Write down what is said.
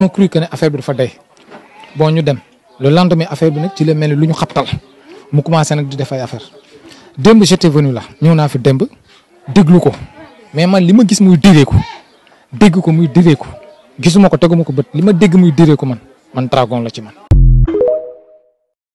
on cru que ne affaire bi dafa day boo ñu dem le lendemain affaire bi nag ci la mel ni lu ñu xabtal mu commencé nag di defay affaire demb j'étais la là ñëw naa fi demb déglu ko mais man li ma gis muy direeku dégg ko muy direeku gisuma ko teguma ko bët li ma dégg muy direeku man man dragon la ci man.